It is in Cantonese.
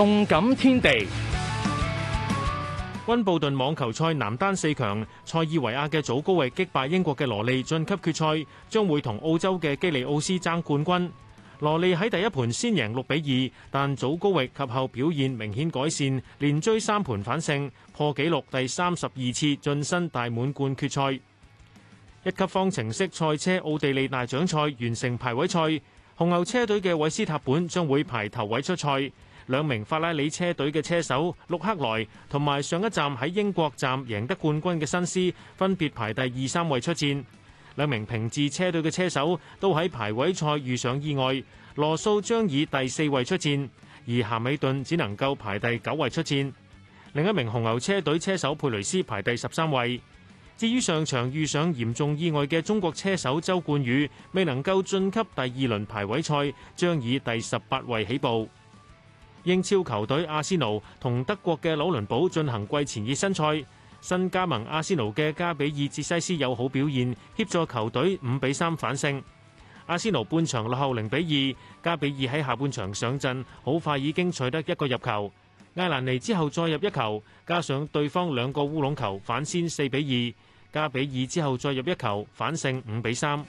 動感天地，溫布頓網球賽男單四強，塞爾維亞嘅祖高域擊敗英國嘅羅利，晉級決賽，將會同澳洲嘅基利奧斯爭冠軍。羅利喺第一盤先贏六比二，但祖高域及後表現明顯改善，連追三盤反勝，破紀錄第三十二次晉身大滿貫決賽。一級方程式賽車奧地利大獎賽完成排位賽，紅牛車隊嘅韋斯塔本將會排頭位出賽。兩名法拉利車隊嘅車手，陸克萊同埋上一站喺英國站贏得冠軍嘅新斯，分別排第二、三位出戰。兩名平治車隊嘅車手都喺排位賽遇上意外，羅素將以第四位出戰，而夏美頓只能夠排第九位出戰。另一名紅牛車隊車手佩雷斯排第十三位。至於上場遇上嚴重意外嘅中國車手周冠宇，未能夠晉級第二輪排位賽，將以第十八位起步。英超球隊阿仙奴同德國嘅紐倫堡進行季前熱身賽，新加盟阿仙奴嘅加比爾哲西斯有好表現，協助球隊五比三反勝。阿仙奴半場落後零比二，加比爾喺下半場上陣，好快已經取得一個入球，艾蘭尼之後再入一球，加上對方兩個烏龍球，反先四比二。加比爾之後再入一球，反勝五比三。